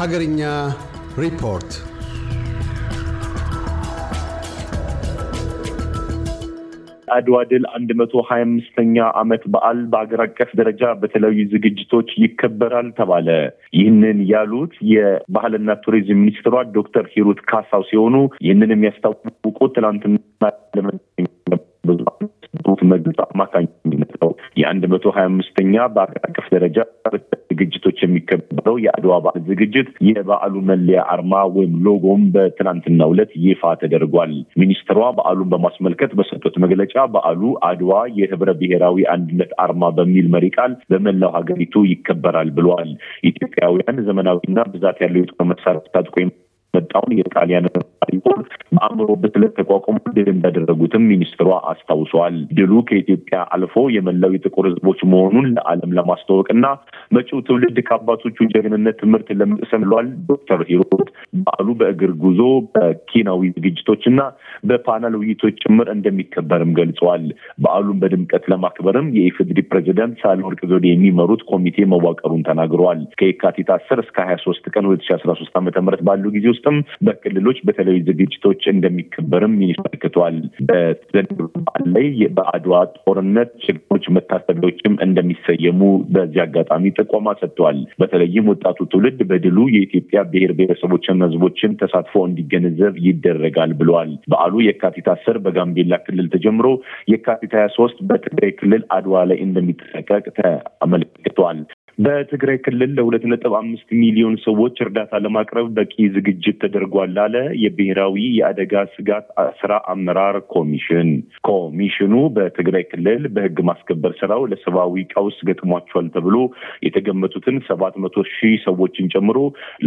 Hagarinya report. አድዋ ድል 125ኛ ዓመት በዓል በአገር አቀፍ ደረጃ በተለያዩ ዝግጅቶች ይከበራል ተባለ። ይህንን ያሉት የባህልና ቱሪዝም ሚኒስትሯ ዶክተር ሂሩት ካሳው ሲሆኑ ይህንን የሚያስታውቁ ትላንትና ለመ መግለጫ አማካኝ የአንድ መቶ ሀያ አምስተኛ በአገር አቀፍ ደረጃ ዝግጅቶች የሚከበረው የአድዋ በዓል ዝግጅት የበዓሉ መለያ አርማ ወይም ሎጎም በትናንትና ዕለት ይፋ ተደርጓል። ሚኒስትሯ በዓሉን በማስመልከት በሰጡት መግለጫ በዓሉ አድዋ የህብረ ብሔራዊ አንድነት አርማ በሚል መሪ ቃል በመላው ሀገሪቱ ይከበራል ብለዋል። ኢትዮጵያውያን ዘመናዊና ብዛት ያለው የጦር መሳሪያ ታጥቆ የመጣውን የጣሊያን ሳይሆን በአእምሮ ብስለት ድል እንዳደረጉትም ሚኒስትሯ አስታውሰዋል። ድሉ ከኢትዮጵያ አልፎ የመላው የጥቁር ህዝቦች መሆኑን ለዓለም ለማስተዋወቅና መጪው ትውልድ ከአባቶቹ ጀግንነት ትምህርት ለመቅሰም ብለዋል ዶክተር ሂሮት በዓሉ በእግር ጉዞ፣ በኪናዊ ዝግጅቶች እና በፓናል ውይይቶች ጭምር እንደሚከበርም ገልጸዋል። በዓሉን በድምቀት ለማክበርም የኢፌዴሪ ፕሬዚዳንት ሳህለወርቅ ዘውዴ የሚመሩት ኮሚቴ መዋቀሩን ተናግረዋል። ከየካቲት አስር እስከ ሀያ ሶስት ቀን ሁለት ሺ አስራ ሶስት ዓመተ ምህረት ባሉ ጊዜ ውስጥም በክልሎች በተለ ዝግጅቶች እንደሚከበርም ይመልክቷል። በተዘገበው ላይ በአድዋ ጦርነት ችግሮች መታሰቢያዎችም እንደሚሰየሙ በዚህ አጋጣሚ ጥቆማ ሰጥተዋል። በተለይም ወጣቱ ትውልድ በድሉ የኢትዮጵያ ብሔር ብሔረሰቦችን ህዝቦችን ተሳትፎ እንዲገነዘብ ይደረጋል ብለዋል። በዓሉ የካቲት አስር በጋምቤላ ክልል ተጀምሮ የካቲት ሀያ ሶስት በትግራይ ክልል አድዋ ላይ እንደሚጠናቀቅ ተመልክቷል። በትግራይ ክልል ለሁለት ነጥብ አምስት ሚሊዮን ሰዎች እርዳታ ለማቅረብ በቂ ዝግጅት ተደርጓል አለ የብሔራዊ የአደጋ ስጋት ስራ አመራር ኮሚሽን። ኮሚሽኑ በትግራይ ክልል በህግ ማስከበር ስራው ለሰብአዊ ቀውስ ገጥሟቸዋል ተብሎ የተገመቱትን ሰባት መቶ ሺህ ሰዎችን ጨምሮ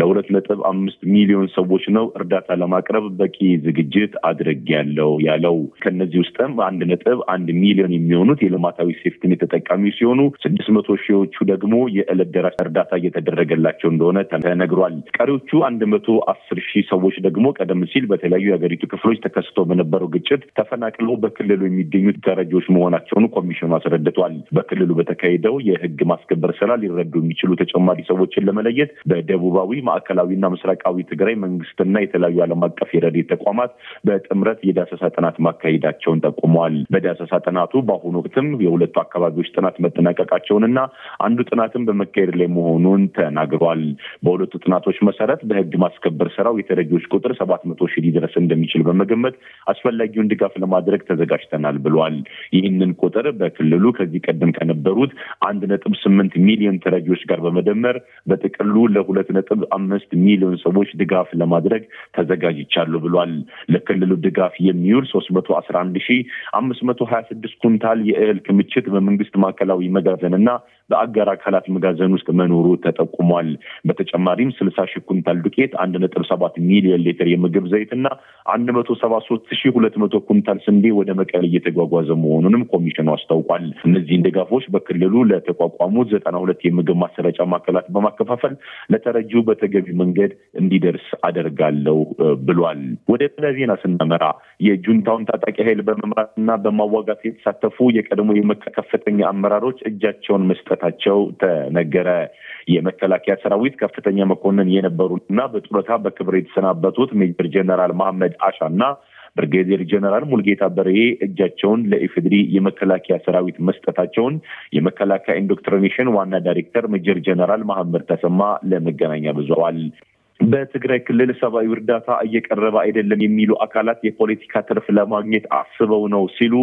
ለሁለት ነጥብ አምስት ሚሊዮን ሰዎች ነው እርዳታ ለማቅረብ በቂ ዝግጅት አድርጌያለሁ ያለው። ከነዚህ ውስጥም አንድ ነጥብ አንድ ሚሊዮን የሚሆኑት የልማታዊ ሴፍቲኔት ተጠቃሚ ሲሆኑ ስድስት መቶ ሺዎቹ ደግሞ በየዕለት ደራሽ እርዳታ እየተደረገላቸው እንደሆነ ተነግሯል። ቀሪዎቹ አንድ መቶ አስር ሺህ ሰዎች ደግሞ ቀደም ሲል በተለያዩ የሀገሪቱ ክፍሎች ተከስቶ በነበረው ግጭት ተፈናቅለው በክልሉ የሚገኙት ተረጂዎች መሆናቸውን ኮሚሽኑ አስረድቷል። በክልሉ በተካሄደው የህግ ማስከበር ስራ ሊረዱ የሚችሉ ተጨማሪ ሰዎችን ለመለየት በደቡባዊ ማዕከላዊና ምስራቃዊ ትግራይ መንግስትና የተለያዩ ዓለም አቀፍ የረድኤት ተቋማት በጥምረት የዳሰሳ ጥናት ማካሄዳቸውን ጠቁመዋል። በዳሰሳ ጥናቱ በአሁኑ ወቅትም የሁለቱ አካባቢዎች ጥናት መጠናቀቃቸውንና አንዱ ጥናትም በመካሄድ ላይ መሆኑን ተናግሯል። በሁለቱ ጥናቶች መሰረት በህግ ማስከበር ስራው የተረጂዎች ቁጥር ሰባት መቶ ሺህ ሊደረስ እንደሚችል በመገመት አስፈላጊውን ድጋፍ ለማድረግ ተዘጋጅተናል ብሏል። ይህንን ቁጥር በክልሉ ከዚህ ቀደም ከነበሩት አንድ ነጥብ ስምንት ሚሊዮን ተረጂዎች ጋር በመደመር በጥቅሉ ለሁለት ነጥብ አምስት ሚሊዮን ሰዎች ድጋፍ ለማድረግ ተዘጋጅቻሉ ብሏል። ለክልሉ ድጋፍ የሚውል ሶስት መቶ አስራ አንድ ሺህ አምስት መቶ ሀያ ስድስት ኩንታል የእህል ክምችት በመንግስት ማዕከላዊ መጋዘንና በአጋር አካላት መጋዘን ውስጥ መኖሩ ተጠቁሟል። በተጨማሪም ስልሳ ሺህ ኩንታል ዱቄት፣ አንድ ነጥብ ሰባት ሚሊዮን ሊትር የምግብ ዘይት እና አንድ መቶ ሰባ ሶስት ሺህ ሁለት መቶ ኩንታል ስንዴ ወደ መቀሌ እየተጓጓዘ መሆኑንም ኮሚሽኑ አስታውቋል። እነዚህን ድጋፎች በክልሉ ለተቋቋሙት ዘጠና ሁለት የምግብ ማሰራጫ ማዕከላት በማከፋፈል ለተረጂው በተገቢ መንገድ እንዲደርስ አደርጋለሁ ብሏል። ወደ ሌላ ዜና ስናመራ የጁንታውን ታጣቂ ኃይል በመምራት በማዋጋት የተሳተፉ የቀድሞ የመካ ከፍተኛ አመራሮች እጃቸውን መስጠታቸው ተነገረ። የመከላከያ ሰራዊት ከፍተኛ መኮንን የነበሩ እና በጡረታ በክብር የተሰናበቱት ሜጀር ጀነራል መሐመድ አሻ እና ብርጌዴር ጀነራል ሙልጌታ በርሄ እጃቸውን ለኢፌድሪ የመከላከያ ሰራዊት መስጠታቸውን የመከላከያ ኢንዶክትሪኔሽን ዋና ዳይሬክተር ሜጀር ጀነራል መሐመድ ተሰማ ለመገናኛ ብዙዋል በትግራይ ክልል ሰብአዊ እርዳታ እየቀረበ አይደለም የሚሉ አካላት የፖለቲካ ትርፍ ለማግኘት አስበው ነው ሲሉ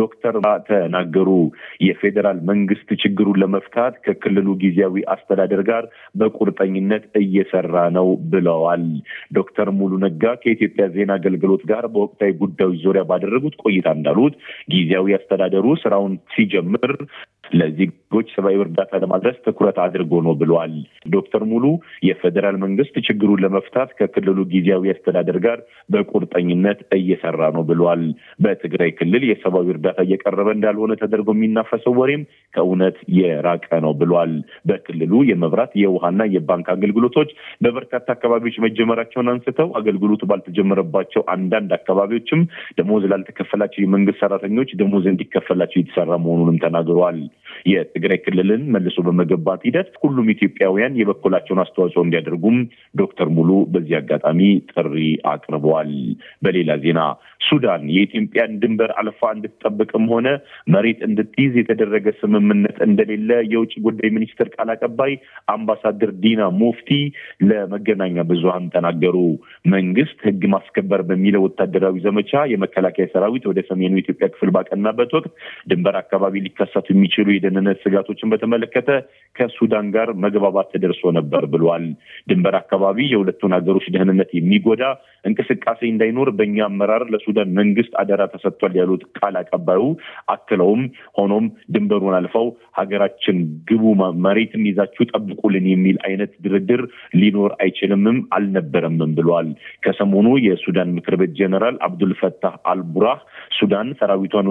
ዶክተር ተናገሩ። የፌዴራል መንግስት ችግሩን ለመፍታት ከክልሉ ጊዜያዊ አስተዳደር ጋር በቁርጠኝነት እየሰራ ነው ብለዋል። ዶክተር ሙሉ ነጋ ከኢትዮጵያ ዜና አገልግሎት ጋር በወቅታዊ ጉዳዮች ዙሪያ ባደረጉት ቆይታ እንዳሉት ጊዜያዊ አስተዳደሩ ስራውን ሲጀምር ለዜጎች ሰብአዊ እርዳታ ለማድረስ ትኩረት አድርጎ ነው ብለዋል። ዶክተር ሙሉ የፌዴራል መንግስት ችግሩን ለመፍታት ከክልሉ ጊዜያዊ አስተዳደር ጋር በቁርጠኝነት እየሰራ ነው ብለዋል። በትግራይ ክልል የሰብአዊ እርዳታ እየቀረበ እንዳልሆነ ተደርጎ የሚናፈሰው ወሬም ከእውነት የራቀ ነው ብለዋል። በክልሉ የመብራት የውሃና የባንክ አገልግሎቶች በበርካታ አካባቢዎች መጀመራቸውን አንስተው አገልግሎቱ ባልተጀመረባቸው አንዳንድ አካባቢዎችም ደሞዝ ላልተከፈላቸው የመንግስት ሰራተኞች ደሞዝ እንዲከፈላቸው የተሰራ መሆኑንም ተናግረዋል። የትግራይ ክልልን መልሶ በመገንባት ሂደት ሁሉም ኢትዮጵያውያን የበኩላቸውን አስተዋጽኦ እንዲያደርጉም ዶክተር ሙሉ በዚህ አጋጣሚ ጥሪ አቅርበዋል። በሌላ ዜና ሱዳን የኢትዮጵያን ድንበር አልፋ እንድትጠብቅም ሆነ መሬት እንድትይዝ የተደረገ ስምምነት እንደሌለ የውጭ ጉዳይ ሚኒስትር ቃል አቀባይ አምባሳደር ዲና ሙፍቲ ለመገናኛ ብዙሃን ተናገሩ። መንግስት ህግ ማስከበር በሚለው ወታደራዊ ዘመቻ የመከላከያ ሰራዊት ወደ ሰሜኑ ኢትዮጵያ ክፍል ባቀናበት ወቅት ድንበር አካባቢ ሊከሰቱ የሚችሉ የደህንነት የደህንነት ስጋቶችን በተመለከተ ከሱዳን ጋር መግባባት ተደርሶ ነበር ብሏል። ድንበር አካባቢ የሁለቱን ሀገሮች ደህንነት የሚጎዳ እንቅስቃሴ እንዳይኖር በእኛ አመራር ለሱዳን መንግስት አደራ ተሰጥቷል ያሉት ቃል አቀባዩ አክለውም ሆኖም ድንበሩን አልፈው ሀገራችን ግቡ መሬትም ይዛችሁ ጠብቁልን የሚል አይነት ድርድር ሊኖር አይችልምም አልነበረምም ብሏል። ከሰሞኑ የሱዳን ምክር ቤት ጀነራል አብዱልፈታህ አልቡራህ ሱዳን ሰራዊቷን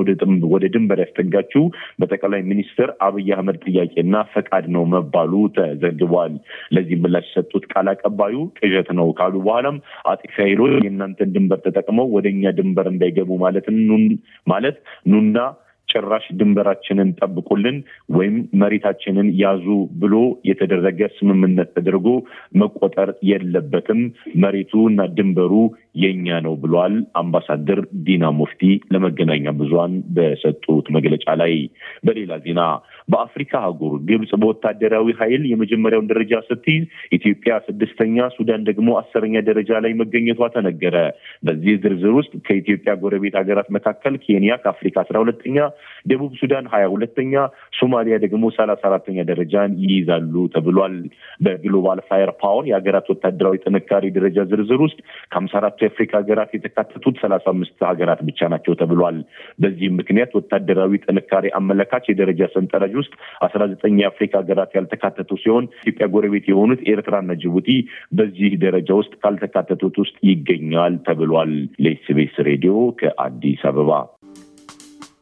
ወደ ድንበር ያስጠጋችው በጠቅላይ ሚኒስትር ንግግር አብይ አህመድ ጥያቄና ፈቃድ ነው መባሉ ተዘግቧል። ለዚህ ምላሽ የሰጡት ቃል አቀባዩ ቅዠት ነው ካሉ በኋላም አጥፊ ኃይሎች የእናንተን ድንበር ተጠቅመው ወደ እኛ ድንበር እንዳይገቡ ማለት ማለት ኑና ጭራሽ ድንበራችንን ጠብቁልን ወይም መሬታችንን ያዙ ብሎ የተደረገ ስምምነት ተደርጎ መቆጠር የለበትም። መሬቱ እና ድንበሩ የእኛ ነው ብሏል። አምባሳደር ዲና ሙፍቲ ለመገናኛ ብዙሃን በሰጡት መግለጫ ላይ። በሌላ ዜና በአፍሪካ አህጉር ግብጽ በወታደራዊ ኃይል የመጀመሪያውን ደረጃ ስትይዝ ኢትዮጵያ ስድስተኛ፣ ሱዳን ደግሞ አስረኛ ደረጃ ላይ መገኘቷ ተነገረ። በዚህ ዝርዝር ውስጥ ከኢትዮጵያ ጎረቤት ሀገራት መካከል ኬንያ ከአፍሪካ አስራ ሁለተኛ፣ ደቡብ ሱዳን ሀያ ሁለተኛ፣ ሶማሊያ ደግሞ ሰላሳ አራተኛ ደረጃን ይይዛሉ ተብሏል። በግሎባል ፋየር ፓወር የሀገራት ወታደራዊ ጥንካሬ ደረጃ ዝርዝር ውስጥ ከሀምሳ አራቱ የአፍሪካ ሀገራት የተካተቱት ሰላሳ አምስት ሀገራት ብቻ ናቸው ተብሏል። በዚህም ምክንያት ወታደራዊ ጥንካሬ አመለካች የደረጃ ሰንጠረዥ ውስጥ አስራ ዘጠኝ የአፍሪካ ሀገራት ያልተካተቱ ሲሆን ኢትዮጵያ ጎረቤት የሆኑት ኤርትራና ጅቡቲ በዚህ ደረጃ ውስጥ ካልተካተቱት ውስጥ ይገኛል ተብሏል። ለኤስቤስ ሬዲዮ ከአዲስ አበባ